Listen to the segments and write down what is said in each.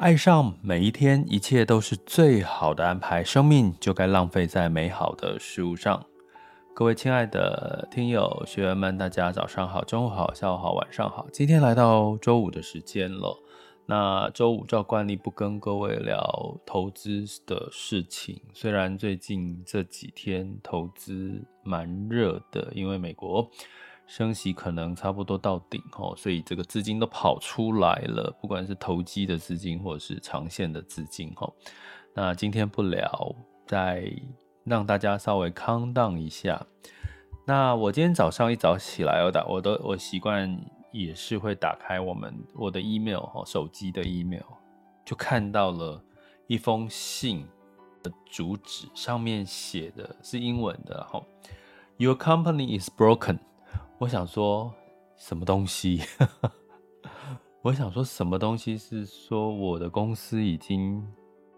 愛上每一天，一切都是最好的安排。生命就該浪費在美好的事物上。各位親愛的聽友、學員們，大家早上好、中午好、下午好、晚上好。今天來到週五的時間了，那週五照慣例不跟各位聊投資的事情。雖然最近這幾天投資蠻熱的，因為美國。升息可能差不多到頂，所以這個資金都跑出來了，不管是投機的資金或者是長線的資金。那今天不聊，再讓大家稍微 count down 一下。那我今天早上一早起來，我打我都我習慣也是會打開我們我的 email 手機的 email 就看到了一封信的主旨，上面寫的是英文的 Your company is broken”。我想說，什麼東西？ 我想說，什麼東西是說我的公司已經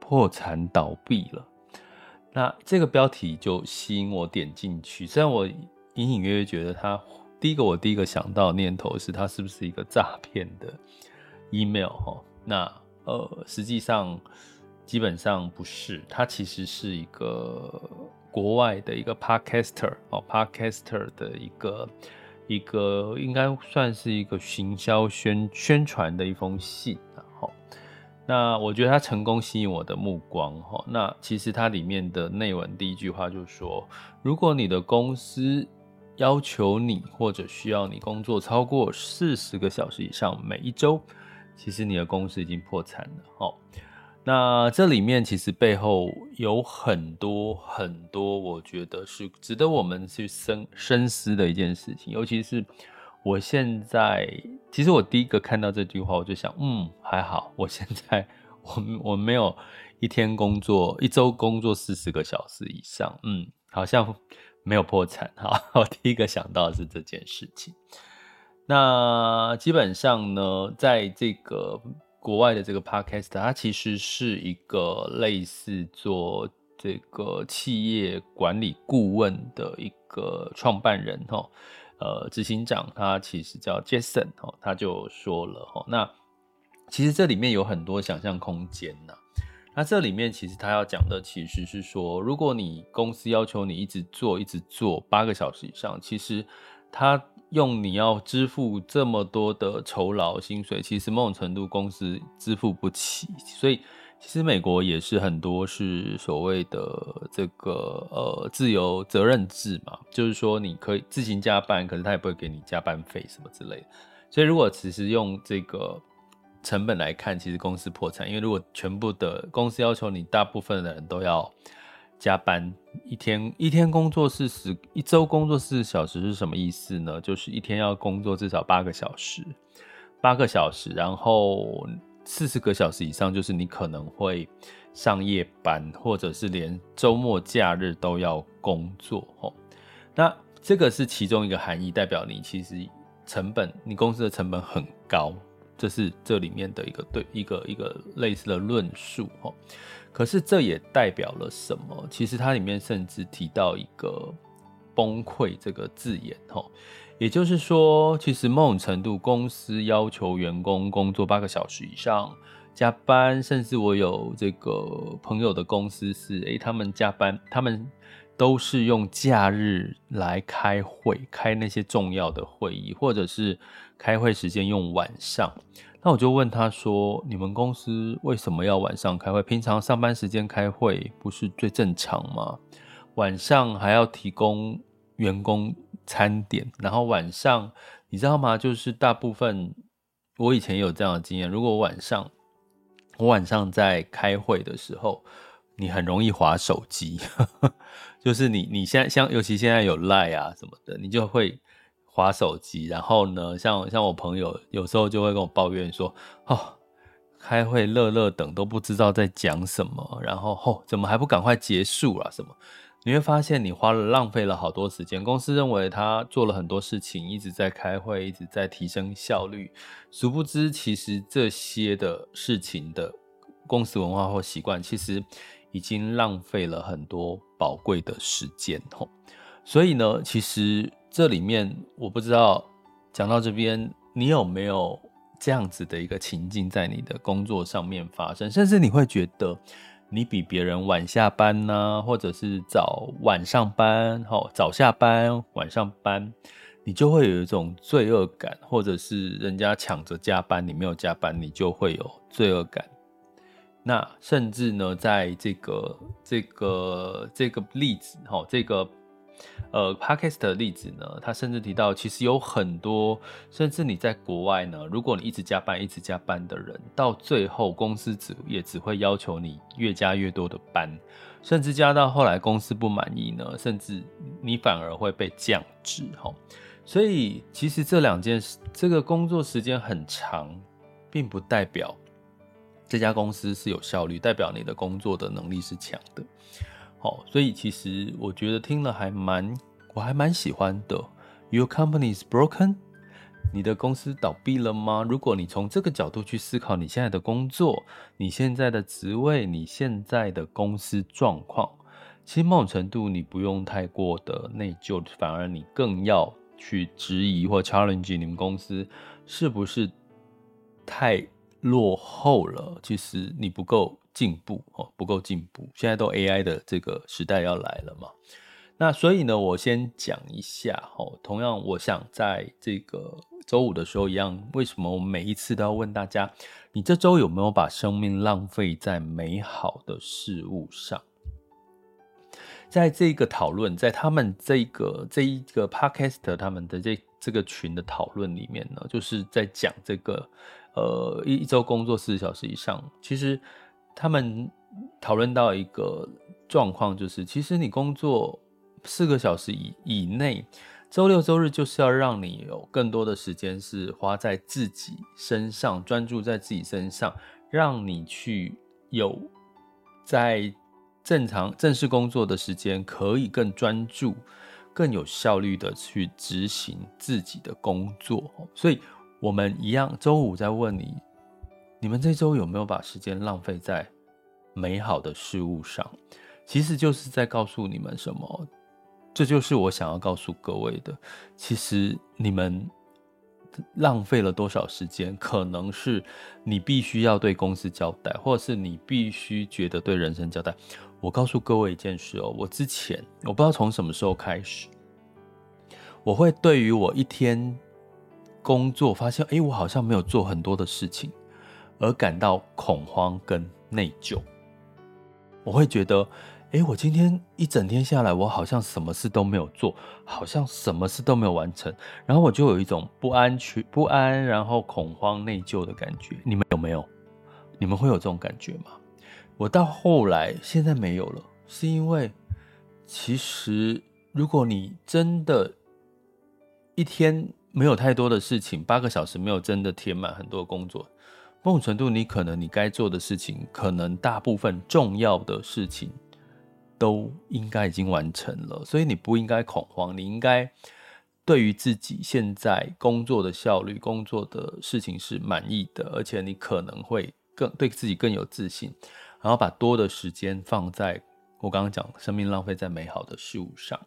破產倒閉了？那這個標題就吸引我點進去。雖然我隱隱約約覺得他第一個我第一個想到的念頭是它是不是一個詐騙的 email？哦，那呃，實際上基本上不是，它其實是一個國外的一個 podcaster 哦，podcaster 的一個。一個應該算是一個行銷宣宣傳的一封信，然後，那我覺得它成功吸引我的目光，哈，那其實它裡面的內文第一句話就是說，如果你的公司要求你或者需要你工作超過四十個小時以上每一周，其實你的公司已經破產了，那這裡面其實背後有很多很多，我覺得是值得我們去深深思的一件事情。尤其是我現在，其實我第一個看到這句話，我就想，嗯，還好，我現在我我沒有一天工作，一周工作四十個小時以上，嗯，好像沒有破產。好，我第一個想到是這件事情。那基本上呢，在這個。國外的這個 Podcaster，他其實是一個類似做這個企業管理顧問的一個創辦人哈，呃，執行長，他其實叫 Jason 哦，他就說了哈，那其實這裡面有很多想象空間吶、啊，那這裡面其實他要講的其實是說，如果你公司要求你一直做，一直做八個小時以上，其實他。用，你要支付這麼多的酬勞薪水，其實某種程度公司支付不起，所以其實美國也是很多是所謂的這個呃自由責任制嘛，就是說你可以自行加班，可是他也不會給你加班費什麼之類的。所以如果其實用這個成本來看，其實公司破產，因為如果全部的公司要求你大部分的人都要。加班，一天一天工作四十一周工作四十小時是什麼意思呢？就是一天要工作至少八個小時，八個小時，然後四十個小時以上，就是你可能會上夜班，或者是連周末假日都要工作哦。那這個是其中一個含義，代表你其實成本，你公司的成本很高，這是這裡面的一個對一個一個類似的論述哦。可是這也代表了什麼？其實它裡面甚至提到一個“崩潰”這個字眼，哦，也就是說，其實某種程度，公司要求員工工作八個小時以上，加班，甚至我有這個朋友的公司是，誒，他們加班，他們都是用假日來開會，開那些重要的會議，或者是開會時間用晚上。那我就問他說：“你們公司為什麼要晚上開會？平常上班時間開會不是最正常嗎？晚上還要提供員工餐點，然後晚上，你知道嗎？就是大部分我以前有這樣的經驗，如果晚上我晚上在開會的時候，你很容易滑手機， 就是你你現在像尤其現在有 LINE 啊什麼的，你就會。”滑手機，然後呢？像像我朋友有時候就會跟我抱怨說：“哦，開會樂樂等都不知道在講什麼，然後哦，怎麼還不趕快結束啊？什麼？你會發現你花了浪費了好多時間。公司認為他做了很多事情，一直在開會，一直在提升效率。殊不知，其實這些的事情的公司文化或習慣，其實已經浪費了很多寶貴的時間。哦，所以呢，其實。這裡面我不知道，講到這邊，你有沒有這樣子的一個情境在你的工作上面發生？甚至你會覺得你比別人晚下班呢，或者是早晚上班，好早下班晚上班，你就會有一種罪惡感，或者是人家搶着加班，你沒有加班，你就會有罪惡感。那甚至呢，在這個這個這個例子，好這個。呃 Podcast 的例子呢，他甚至提到，其實有很多，甚至你在國外呢，如果你一直加班，一直加班的人，到最後公司只也只會要求你越加越多的班，甚至加到後來公司不滿意呢，甚至你反而會被降職哈。所以，其實這兩件事，這個工作時間很長，並不代表這家公司是有效率，代表你的工作的能力是強的。哦，oh, 所以其實我覺得聽了還蠻，我還蠻喜歡的。Your company is broken，你的公司倒閉了嗎？如果你從這個角度去思考你現在的工作、你現在的職位、你現在的公司狀況，其實某種程度你不用太過的內疚，反而你更要去質疑或 challenge 你們公司是不是太落後了，其實你不夠進步哦，不夠進步。現在都 AI 的這個時代要來了嘛。那所以呢，我先講一下哦。同樣，我想在這個週五的時候一樣，為什麼我每一次都要問大家，你這週有沒有把生命浪費在美好的事物上？在這個討論，在他們這個這一個 podcast 他們的這這個群的討論裡面呢，就是在講這個。呃，一一週工作四十小時以上，其實他們討論到一個狀況，就是其實你工作四個小時以以內，週六週日就是要讓你有更多的時間是花在自己身上，專注在自己身上，讓你去有在正常正式工作的時間可以更專注、更有效率的去執行自己的工作，所以。我們一樣，週五再問你，你們這週有沒有把時間浪費在美好的事物上？其實就是在告訴你們什麼，這就是我想要告訴各位的。其實你們浪費了多少時間，可能是你必須要對公司交代，或者是你必須覺得對人生交代。我告訴各位一件事哦，我之前我不知道從什麼時候開始，我會對於我一天，工作發現，哎，我好像沒有做很多的事情，而感到恐慌跟內疚。我會覺得，哎，我今天一整天下來，我好像什麼事都沒有做，好像什麼事都沒有完成，然後我就有一種不安全、不安，然後恐慌、內疚的感覺。你們有沒有？你們會有這種感覺嗎？我到後來現在沒有了，是因為其實如果你真的一天。沒有太多的事情，八個小時沒有真的填滿很多工作。某種程度，你可能你該做的事情，可能大部分重要的事情都應該已經完成了，所以你不應該恐慌。你應該對於自己現在工作的效率、工作的事情是滿意的，而且你可能會更對自己更有自信。然後把多的時間放在我剛剛講，生命浪費在美好的事物上，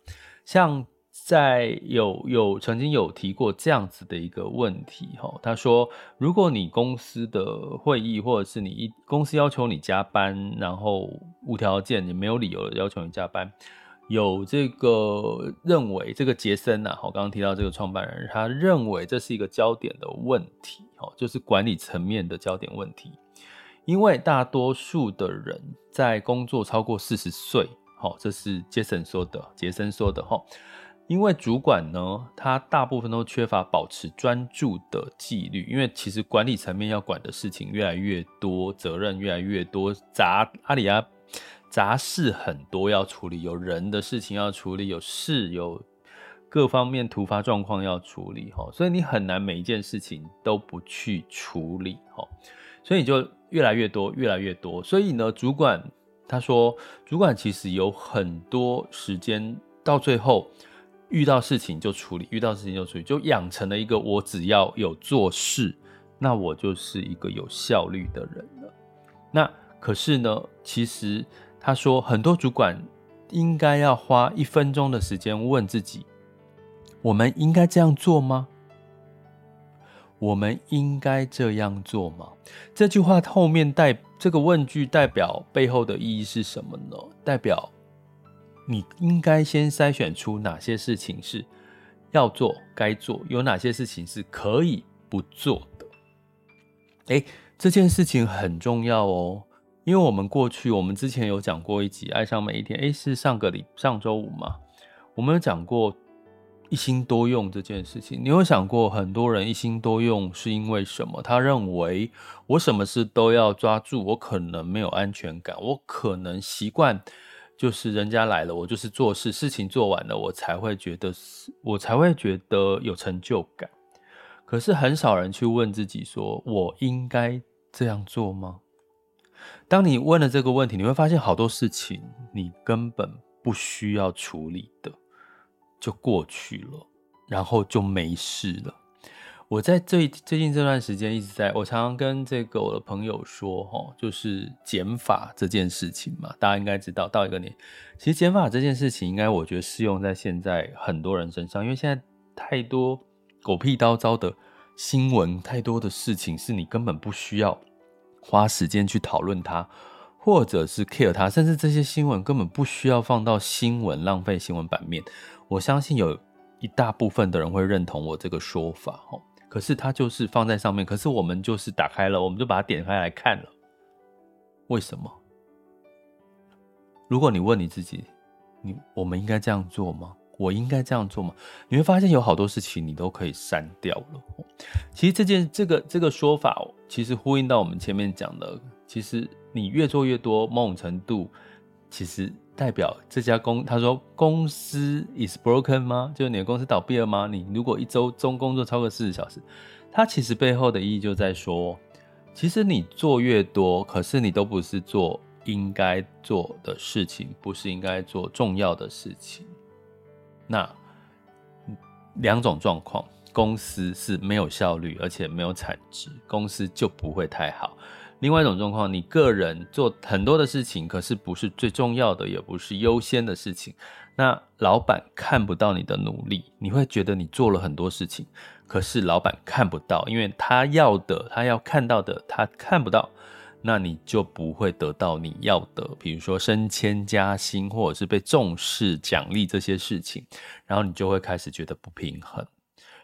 像。在有有，曾經有提過這樣子的一個問題，他說，如果你公司的會議或者是你公司要求你加班，然後無條件你沒有理由要求你加班，有這個認為這個傑森啊，剛剛提到這個創辦人，他認為這是一個焦點的問題，就是管理層面的焦點問題，因為大多數的人在工作超過四十小時。好，這是傑森說的，傑森說的因為主管呢，他大部分都缺乏保持專注的紀律。因為其實管理層面要管的事情越來越多，責任越來越多，雜阿里啊，雜事很多要處理，有人的事情要處理，有事有各方面突發狀況要處理，所以你很難每一件事情都不去處理，所以你就越來越多，越來越多。所以呢，主管他說，主管其實有很多時間到最後。遇到事情就處理，遇到事情就處理，就養成了一個我只要有做事，那我就是一個有效率的人了。那，可是呢，其實，他說很多主管應該要花一分鐘的時間問自己，我們應該這樣做嗎？我們應該這樣做嗎？這句話後面代，這個問句代表背後的意義是什麼呢？代表。你應該先篩選出哪些事情是要做、該做，有哪些事情是可以不做的。誒、欸，這件事情很重要哦，因為我們過去，我們之前有講過一集《愛上每一天》，欸，誒，是上個禮上週五嘛，我們有講過一心多用這件事情。你有想過，很多人一心多用是因為什麼？他認為我什麼事都要抓住，我可能沒有安全感，我可能習慣。就是人家來了，我就是做事，事情做完了，我才會覺得是我才會覺得有成就感。可是很少人去問自己說，我應該這樣做嗎？當你問了這個問題，你會發現好多事情你根本不需要處理的，就過去了，然後就沒事了。我在最最近這段時間一直在，我常常跟這個我的朋友說，就是減法這件事情嘛，大家應該知道，到一個年，其實減法這件事情，應該我覺得適用在現在很多人身上，因為現在太多狗屁倒灶的新聞，太多的事情是你根本不需要花時間去討論它，或者是 care 它，甚至這些新聞根本不需要放到新聞，浪費新聞版面。我相信有一大部分的人會認同我這個說法，可是它就是放在上面，可是我們就是打開了，我們就把它點開來看了。為什麼？如果你問你自己，你我們應該這樣做嗎？我應該這樣做嗎？你會發現有好多事情你都可以刪掉了。其實這件、這個、這個說法，其實呼應到我們前面講的，其實你越做越多，某種程度，其實。代表這家公，他說公司 is broken 嗎？就是你的公司倒閉了嗎？你如果一周中工作超過四十小時，它其實背後的意義就在說，其實你做越多，可是你都不是做應該做的事情，不是應該做重要的事情。那兩種狀況，公司是沒有效率，而且沒有產值，公司就不會太好。另外一種狀況，你個人做很多的事情，可是不是最重要的，也不是優先的事情。那老闆看不到你的努力，你會覺得你做了很多事情，可是老闆看不到，因為他要的，他要看到的，他看不到，那你就不會得到你要的，比如說升遷、加薪，或者是被重視、獎勵這些事情。然後你就會開始覺得不平衡。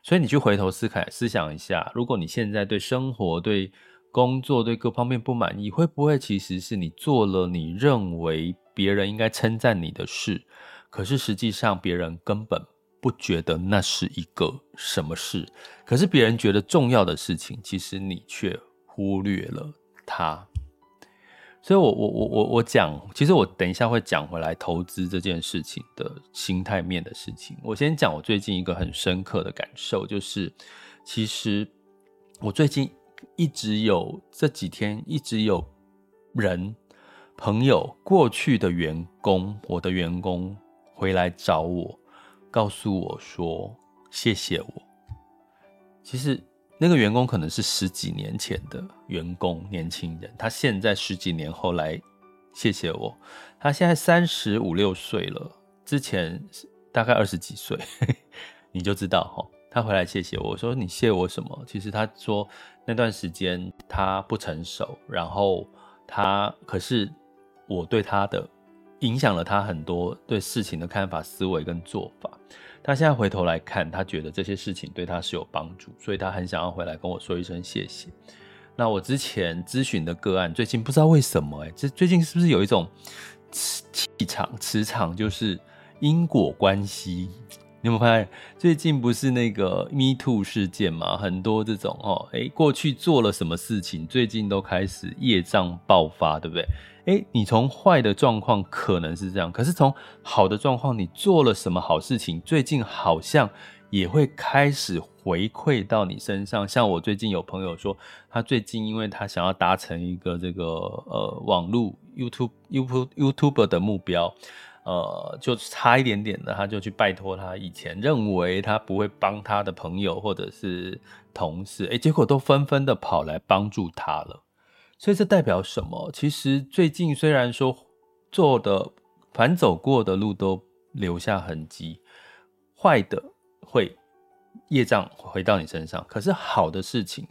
所以你去回頭思考、思想一下，如果你現在對生活、對……工作對各方面不滿意，會不會其實是你做了你認為別人應該稱讚你的事，可是實際上別人根本不覺得那是一個什麼事，可是別人覺得重要的事情，其實你卻忽略了他。所以我，我我我我我講，其實我等一下會講回來投資這件事情的心態面的事情。我先講我最近一個很深刻的感受，就是其實我最近。一直有，這幾天，一直有人朋友、過去的員工，我的員工回來找我，告訴我說謝謝我。其實那個員工可能是十幾年前的員工，年輕人，他現在十幾年後來謝謝我，他現在三十五六歲了，之前大概二十幾歲， 你就知道吼，他回來謝謝我，我說你謝我什麼？其實他說。那段時間他不成熟，然後他可是我對他的影響了他很多對事情的看法、思維跟做法。他現在回頭來看，他覺得這些事情對他是有幫助，所以他很想要回來跟我說一聲謝謝。那我之前諮詢的個案，最近不知道為什麼欸，這最近是不是有一種氣場、磁場就是因果關係？你有沒有發現，最近不是那個 Me Too 事件嘛？很多這種哦，誒、欸、過去做了什麼事情，最近都開始業障爆發，對不對？誒、欸、你從壞的狀況可能是這樣，可是從好的狀況，你做了什麼好事情，最近好像也會開始回饋到你身上。像我最近有朋友說，他最近因爲他想要達成一個這個呃網絡 YouTube YouTube YouTuber 的目標。呃，就差一點點的，他就去拜託他以前認為他不會幫他的朋友或者是同事，誒，結果都紛紛的跑來幫助他了。所以這代表什麼？其實最近雖然說做的凡走過的路都留下痕跡，壞的會業障回到你身上，可是好的事情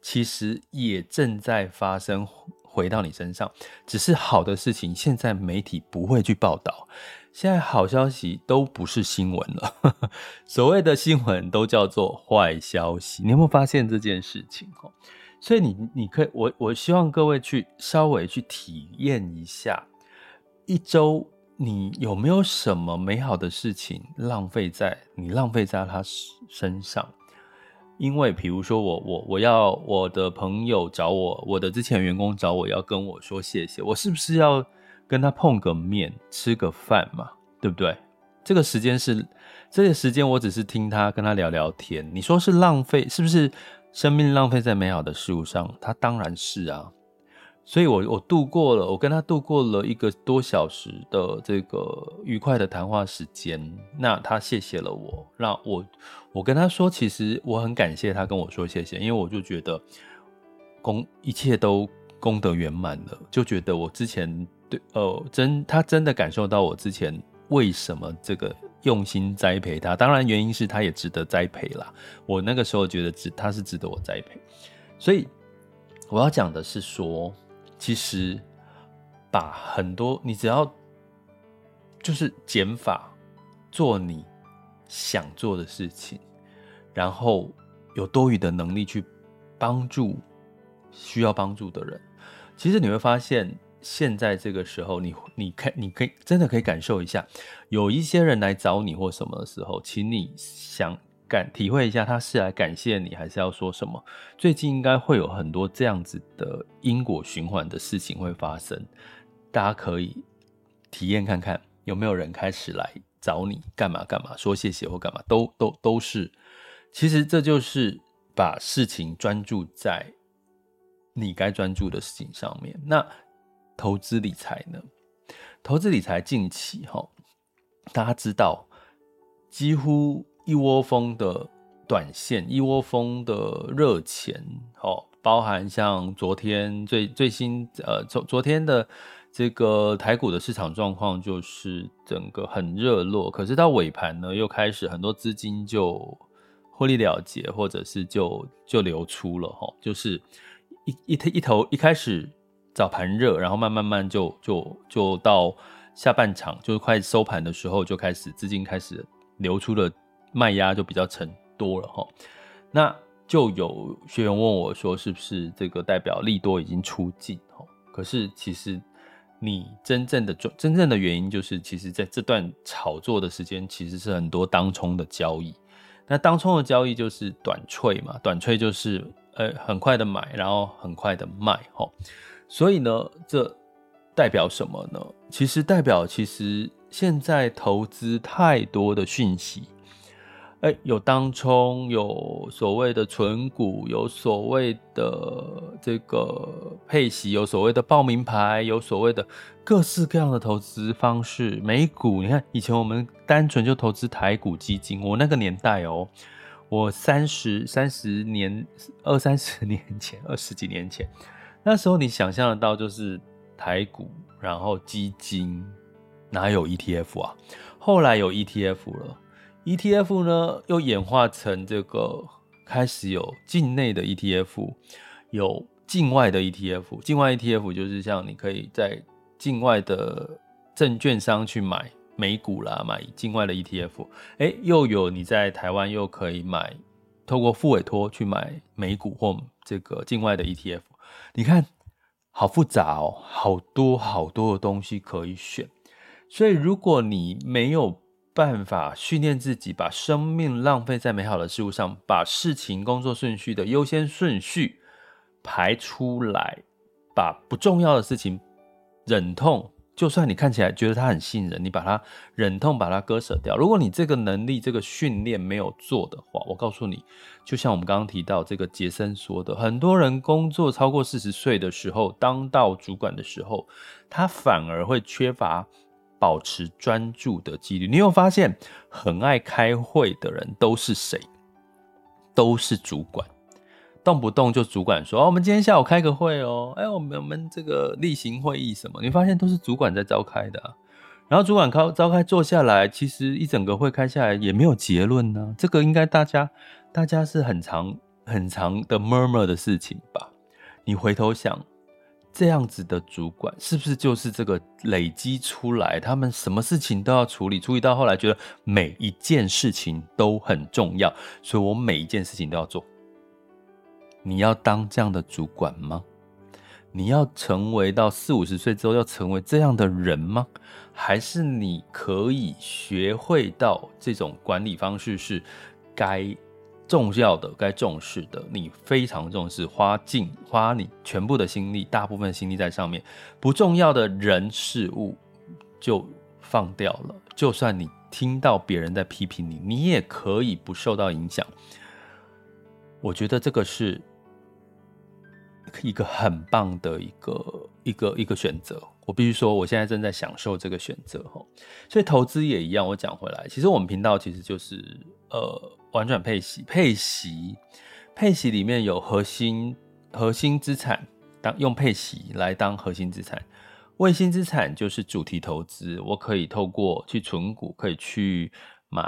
其實也正在發生。回到你身上，只是好的事情，現在媒體不會去報道。現在好消息都不是新聞了，呵呵，所謂的新聞都叫做壞消息。你有沒有發現這件事情哦？所以你，你可以，我我希望各位去稍微去體驗一下，一周你有沒有什麼美好的事情浪費在你浪費在他身上？因為，比如說我我我要我的朋友找我，我的之前的員工找我要跟我說謝謝，我是不是要跟他碰個面吃個飯嘛？對不對？這個時間是這個時間，我只是聽他跟他聊聊天，你說是浪費是不是？生命浪費在美好的事物上，他當然是啊。所以我，我我度過了，我跟他度過了一個多小時的這個愉快的談話時間。那他謝謝了我，那我我跟他說，其實我很感謝他跟我說謝謝，因為我就覺得功一切都功德圓滿了，就覺得我之前對呃，真他真的感受到我之前為什麼這個用心栽培他，當然原因是他也值得栽培啦。我那個時候覺得值，他是值得我栽培。所以我要講的是說，其實，把很多你只要就是減法，做你想做的事情，然後有多餘的能力去幫助需要幫助的人。其實你會發現，現在這個時候，你你可你可以真的可以感受一下，有一些人來找你或什麼的時候，請你想。感體會一下，他是來感謝你，還是要說什麼？最近應該會有很多這樣子的因果循環的事情會發生，大家可以體驗看看有沒有人開始來找你幹嘛幹嘛，說謝謝或幹嘛，都都都是。其實這就是把事情專注在你該專注的事情上面。那投資理財呢？投資理財近期哈，大家知道幾乎。一窩蜂的短線，一窩蜂的熱錢，哦，包含像昨天最最新，呃，昨昨天的這個台股的市場狀況，就是整個很熱絡，可是到尾盤呢，又開始很多資金就獲利了結，或者是就就流出了，吼、哦，就是一一，一頭一頭一開始早盤熱，然後慢慢慢就就就到下半場，就是快收盤的時候，就開始資金開始流出了。賣壓就比較沉多了哈，那就有學員問我說：“是不是這個代表利多已經出盡？”哈，可是其實你真正的、真正的原因就是，其實在這段炒作的時間，其實是很多當衝的交易。那當衝的交易就是短脆嘛，短脆就是呃很快的買，然後很快的賣，哈，所以呢，這代表什麼呢？其實代表其實現在投資太多的訊息。哎、欸，有當沖，有所謂的存股，有所謂的這個配息，有所謂的報名牌，有所謂的各式各樣的投資方式、美股，你看以前我們單純就投資台股基金，我那個年代哦、喔，我三十三十年，二三十年前，二十幾年前，那時候你想象得到就是台股，然後基金，哪有 ETF 啊？後來有 ETF 了。ETF 呢，又演化成這個開始有境內的 ETF，有境外的 ETF。境外 ETF 就是像你可以在境外的證券商去買美股啦，買境外的 ETF。誒，又有你在台灣又可以買，透過複委託去買美股或這個境外的 ETF。你看，好複雜哦，好多好多的東西可以選。所以如果你沒有辦法訓練自己，把生命浪費在美好的事物上，把事情工作順序的優先順序排出來，把不重要的事情忍痛，就算你看起來覺得他很信任你，把它忍痛把它割捨掉。如果你這個能力這個訓練沒有做的話，我告訴你，就像我們剛剛提到這個傑森說的，很多人工作超過四十歲的時候，當到主管的時候，他反而會缺乏。保持專注的幾率，你有發現很愛開會的人都是誰？都是主管，動不動就主管說：“哦，我們今天下午開個會哦。哎”哎，我們我們這個例行會議什麼？你發現都是主管在召開的啊。然後主管召召開坐下來，其實一整個會開下來也沒有結論呢啊。這個應該大家大家是很常很常的 murmur 的事情吧？你回頭想。這樣子的主管是不是就是這個累積出來？他們什麼事情都要處理，處理到後來覺得每一件事情都很重要，所以我每一件事情都要做。你要當這樣的主管嗎？你要成為到四五十歲之後要成為這樣的人嗎？還是你可以學會到這種管理方式是該？重要的、該重視的，你非常重視，花盡，花你全部的心力，大部分心力在上面；不重要的人事物就放掉了。就算你聽到別人在批評你，你也可以不受到影響。我覺得這個是一個很棒的一個、一個、一個選擇。我必須說，我現在正在享受這個選擇。所以投資也一樣。我講回來，其實我們頻道其實就是呃，玩轉配息、配息、配息裡面有核心核心資產，當用配息來當核心資產，衛星資產就是主題投資。我可以透過去存股，可以去買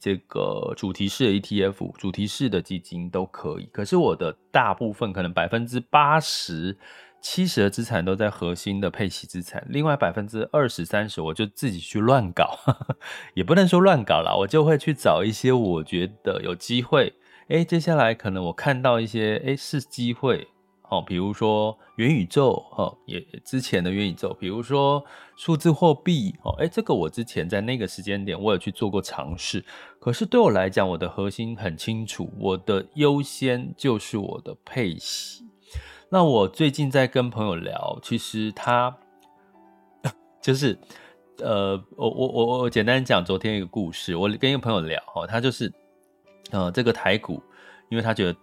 這個主題式的 ETF、主題式的基金都可以。可是我的大部分可能百分之八十，七十的資產都在核心的配息資產，另外百分之二十三十我就自己去亂搞呵呵，也不能說亂搞啦，我就會去找一些我覺得有機會。誒、欸、接下來可能我看到一些哎、欸、是機會，哦，比如說元宇宙，哦，也之前的元宇宙，比如說數字貨幣，哦，哎、欸，這個我之前在那個時間點我有去做過嘗試。可是對我來講，我的核心很清楚，我的優先就是我的配息。那我最近在跟朋友聊，其實他就是呃，我我我我簡單講昨天一個故事，我跟一個朋友聊哦，他就是呃這個台股，因為他覺得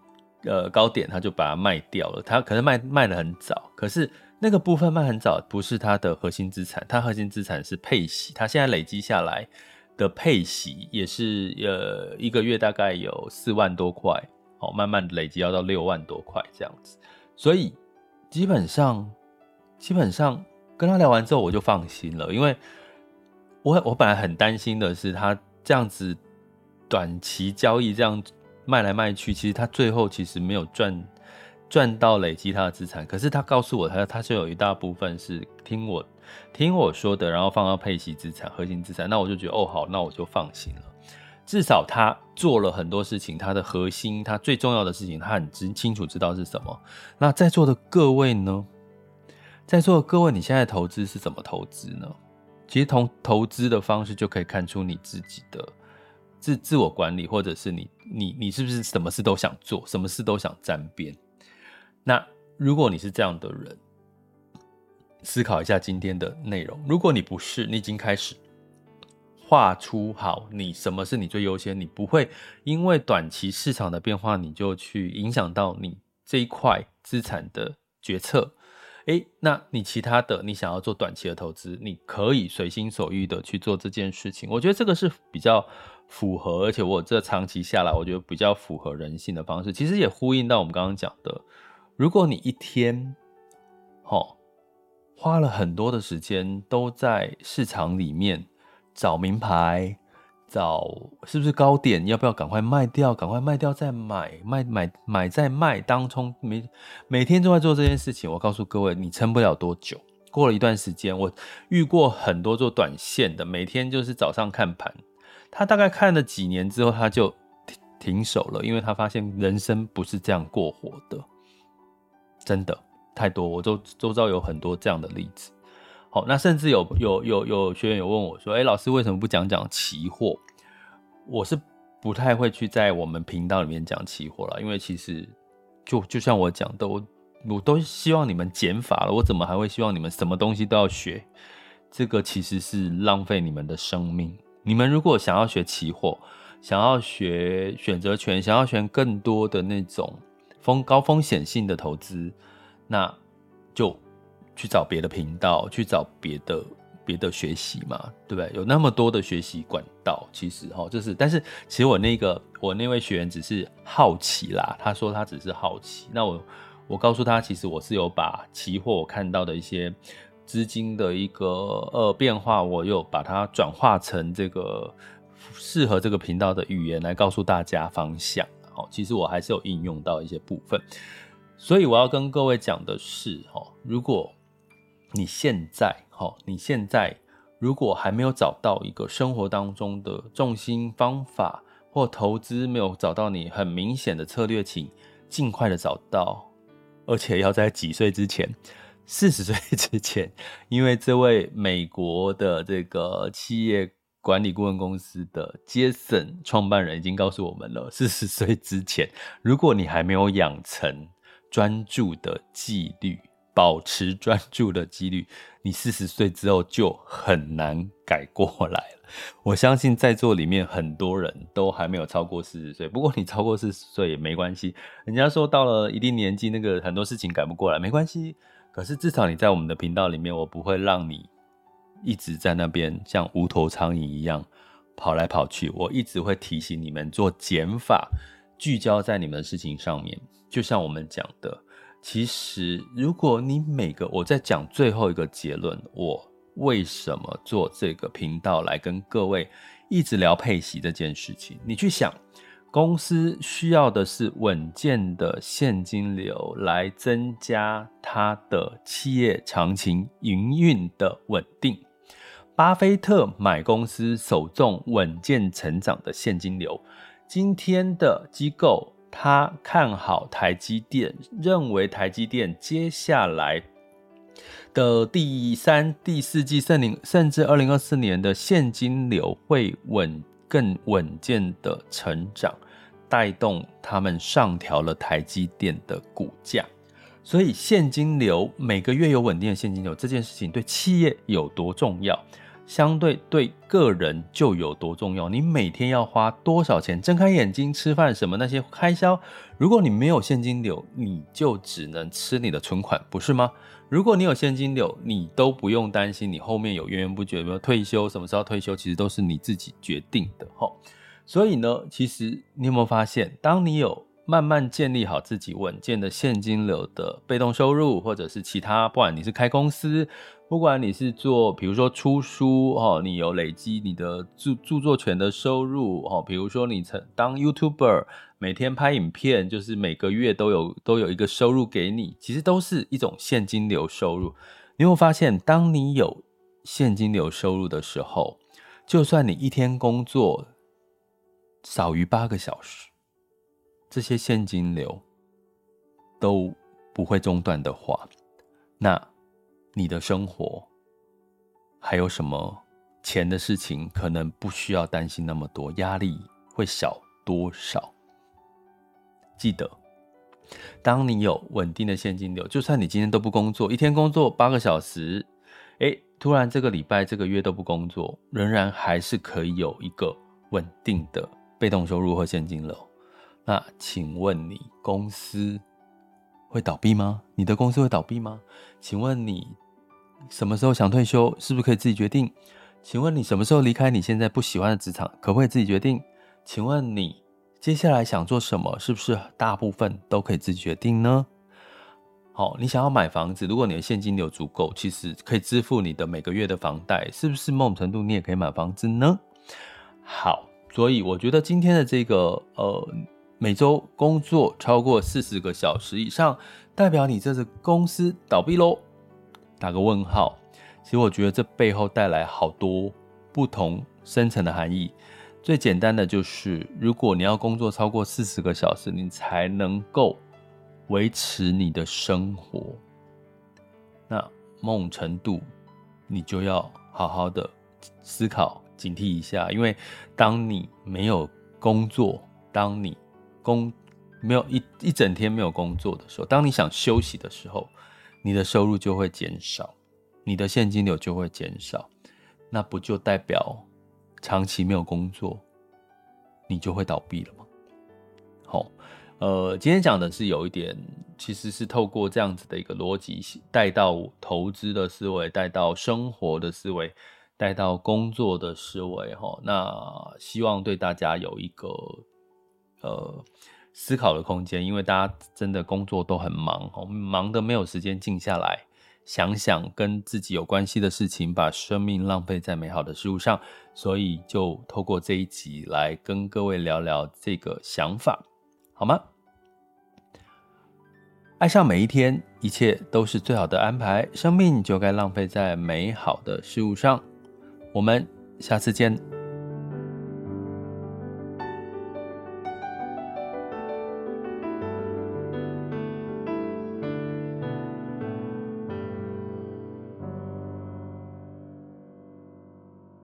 呃高點，他就把它賣掉了。他可能賣賣的很早，可是那個部分賣很早，不是他的核心資產。他核心資產是配息，他現在累積下來的配息也是呃一個月大概有四萬多塊，哦，慢慢累積要到六萬多塊這樣子。所以，基本上，基本上跟他聊完之後，我就放心了。因為我我本來很擔心的是，他這樣子短期交易，這樣賣來賣去，其實他最後其實沒有賺賺到累積他的資產。可是他告訴我他，他他就有一大部分是聽我聽我說的，然後放到配息資產、核心資產，那我就覺得哦好，那我就放心了。至少他做了很多事情，他的核心，他最重要的事情，他很清清楚知道是什麼。那在座的各位呢？在座的各位，你現在投資是怎麼投資呢？其實從投資的方式就可以看出你自己的自自我管理，或者是你你你是不是什麼事都想做，什麼事都想沾邊。那如果你是這樣的人，思考一下今天的內容。如果你不是，你已經開始。畫出好，你什麼是你最優先？你不會因為短期市場的變化，你就去影響到你這一塊資產的決策。誒、欸，那你其他的，你想要做短期的投資，你可以隨心所欲的去做這件事情。我覺得這個是比較符合，而且我這長期下來，我覺得比較符合人性的方式。其實也呼應到我們剛剛講的，如果你一天，好，花了很多的時間都在市場裡面。找名牌，找是不是高點？要不要趕快賣掉？趕快賣掉再買，賣買買再賣，當沖每每天都在做這件事情。我告訴各位，你撐不了多久。過了一段時間，我遇過很多做短線的，每天就是早上看盤。他大概看了幾年之後，他就停停手了，因為他發現人生不是這樣過活的。真的太多，我周周遭有很多這樣的例子。好，那甚至有有有有學員有問我，說：“哎，老師為什麼不講講期貨？”我是不太會去在我們頻道裡面講期貨啦，因為其實就就像我講的，我我都希望你們減法了，我怎麼還會希望你們什麼東西都要學？這個其實是浪費你們的生命。你們如果想要學期貨，想要學選擇權，想要選更多的那種風高風險性的投資，那就。去找別的頻道，去找別的別的學習嘛，對不對？有那麼多的學習管道，其實哦，就是但是，其實我那個我那位學員只是好奇啦，他說他只是好奇。那我我告訴他，其實我是有把期貨我看到的一些資金的一個呃變化，我又把它轉化成這個適合這個頻道的語言來告訴大家方向。哦，其實我還是有應用到一些部分，所以我要跟各位講的是，哦，如果你現在，好，你現在如果還沒有找到一個生活當中的重心方法，或投資沒有找到你很明顯的策略，請儘快的找到，而且要在幾歲之前，四十歲之前，因為這位美國的這個企業管理顧問公司的 Jason 創辦人已經告訴我們了，四十歲之前，如果你還沒有養成專注的紀律。保持專注的幾率，你四十歲之後就很難改過來了。我相信在座裡面很多人都還沒有超過四十歲，不過你超過四十歲也沒關係。人家說到了一定年紀，那個很多事情改不過來，沒關係。可是至少你在我們的頻道裡面，我不會讓你一直在那邊像無頭蒼蠅一樣跑來跑去。我一直會提醒你們做減法，聚焦在你們的事情上面。就像我們講的。其實，如果你每個我在講最後一個結論，我為什麼做這個頻道來跟各位一直聊配息這件事情？你去想，公司需要的是穩健的現金流來增加它的企業長期營運的穩定。巴菲特買公司，首重穩健成長的現金流。今天的機構。他看好台積電，認為台積電接下來的第三、第四季、甚至二零二四年的現金流會穩更穩健的成長，帶動他們上調了台積電的股價。所以，現金流，每個月有穩定的現金流，這件事情對企業有多重要？相對對個人就有多重要？你每天要花多少錢？睜開眼睛吃飯什麼那些開銷，如果你沒有現金流，你就只能吃你的存款，不是嗎？如果你有現金流，你都不用擔心，你後面有源源不絕。比如退休，什麼時候退休，其實都是你自己決定的，齁，所以呢，其實你有沒有發現，當你有慢慢建立好自己穩健的現金流的被動收入，或者是其他，不管你是開公司。不管你是做，比如說出書，哦，你有累積你的著著作權的收入，哦，比如說你曾當 YouTuber，每天拍影片，就是每個月都有都有一個收入給你，其實都是一種現金流收入。你有沒有發現，當你有現金流收入的時候，就算你一天工作少於八個小時，這些現金流都不會中斷的話，那，你的生活還有什麼錢的事情，可能不需要擔心那麼多，壓力會小多少？記得，當你有穩定的現金流，就算你今天都不工作，一天工作八個小時，誒，突然這個禮拜，這個月都不工作，仍然還是可以有一個穩定的被動收入和現金流。那請問你公司會倒閉嗎？你的公司會倒閉嗎？請問你什麼時候想退休，是不是可以自己決定？請問你什麼時候離開你現在不喜歡的職場，可不可以自己決定？請問你接下來想做什麼，是不是大部分都可以自己決定呢？好、哦，你想要買房子，如果你的現金流足夠，其實可以支付你的每個月的房貸，是不是某種程度你也可以買房子呢？好，所以我覺得今天的這個呃。每週工作超過四十個小時以上，代表你這是公司倒閉嘍？打個問號。其實我覺得這背後帶來好多不同深層的含義。最簡單的就是，如果你要工作超過四十個小時，你才能夠維持你的生活。那某種程度，你就要好好的思考、警惕一下，因為當你沒有工作，當你工沒有一一整天沒有工作的時候，當你想休息的時候，你的收入就會減少，你的現金流就會減少，那不就代表長期沒有工作，你就會倒閉了嗎？好，呃，今天講的是有一點，其實是透過這樣子的一個邏輯，帶到投資的思維，帶到生活的思維，帶到工作的思維，哈，那希望對大家有一個。呃，思考的空間，因為大家真的工作都很忙，我們忙得沒有時間靜下來，想想跟自己有關係的事情，把生命浪費在美好的事物上，所以就透過這一集來跟各位聊聊這個想法，好嗎？愛上每一天，一切都是最好的安排，生命就該浪費在美好的事物上，我們下次見。